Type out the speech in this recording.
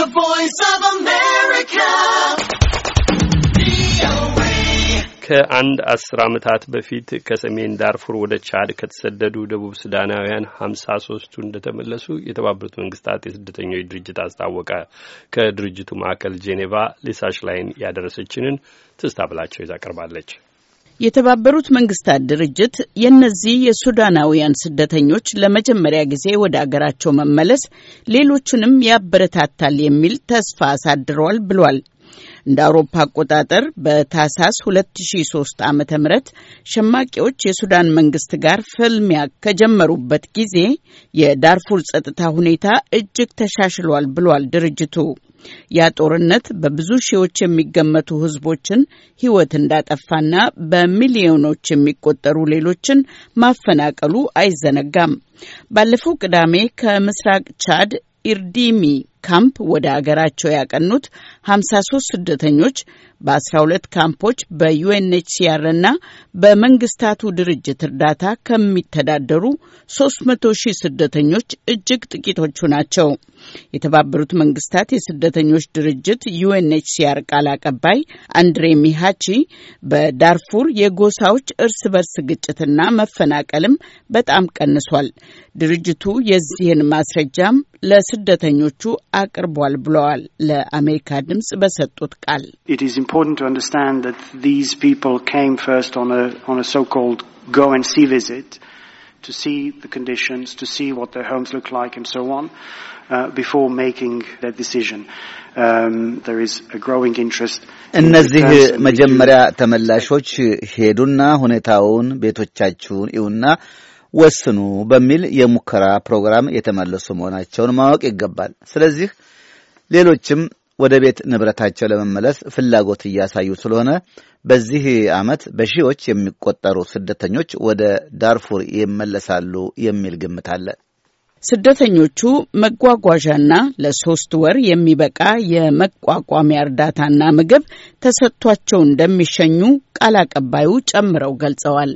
The Voice of America. ከአንድ አስር ዓመታት በፊት ከሰሜን ዳርፉር ወደ ቻድ ከተሰደዱ ደቡብ ሱዳናውያን ሀምሳ ሶስቱ እንደተመለሱ የተባበሩት መንግስታት የስደተኞች ድርጅት አስታወቀ። ከድርጅቱ ማዕከል ጄኔቫ ሊሳሽ ላይን ያደረሰችንን ትስታ ብላቸው ይዛ ቀርባለች። የተባበሩት መንግስታት ድርጅት የእነዚህ የሱዳናውያን ስደተኞች ለመጀመሪያ ጊዜ ወደ አገራቸው መመለስ ሌሎቹንም ያበረታታል የሚል ተስፋ አሳድረዋል ብሏል። እንደ አውሮፓ አቆጣጠር በታሳስ 2003 ዓ ም ሸማቂዎች የሱዳን መንግስት ጋር ፍልሚያ ከጀመሩበት ጊዜ የዳርፉር ጸጥታ ሁኔታ እጅግ ተሻሽሏል ብሏል ድርጅቱ። ያ ጦርነት በብዙ ሺዎች የሚገመቱ ህዝቦችን ህይወት እንዳጠፋና በሚሊዮኖች የሚቆጠሩ ሌሎችን ማፈናቀሉ አይዘነጋም። ባለፈው ቅዳሜ ከምስራቅ ቻድ ኢርዲሚ ካምፕ ወደ አገራቸው ያቀኑት 53 ስደተኞች በ12 ካምፖች በዩኤንኤችሲአር እና በመንግስታቱ ድርጅት እርዳታ ከሚተዳደሩ 300 ሺህ ስደተኞች እጅግ ጥቂቶቹ ናቸው። የተባበሩት መንግስታት የስደተኞች ድርጅት ዩኤንኤችሲአር ቃል አቀባይ አንድሬ ሚሃቺ በዳርፉር የጎሳዎች እርስ በርስ ግጭትና መፈናቀልም በጣም ቀንሷል። ድርጅቱ የዚህን ማስረጃም ለስደተኞቹ አቅርቧል ብለዋል። ለአሜሪካ and በሰጡት ቃል to see the conditions, to see what their homes look like and so on, uh, before making that decision. Um, there is a growing interest. እነዚህ መጀመሪያ ተመላሾች ሄዱና ሁኔታውን ቤቶቻችሁን ይሁና ወስኑ በሚል የሙከራ ፕሮግራም የተመለሱ መሆናቸውን ማወቅ ይገባል። ስለዚህ ሌሎችም ወደ ቤት ንብረታቸው ለመመለስ ፍላጎት እያሳዩ ስለሆነ በዚህ ዓመት በሺዎች የሚቆጠሩ ስደተኞች ወደ ዳርፉር ይመለሳሉ የሚል ግምት አለ። ስደተኞቹ መጓጓዣና ለሶስት ወር የሚበቃ የመቋቋሚያ እርዳታና ምግብ ተሰጥቷቸው እንደሚሸኙ ቃል አቀባዩ ጨምረው ገልጸዋል።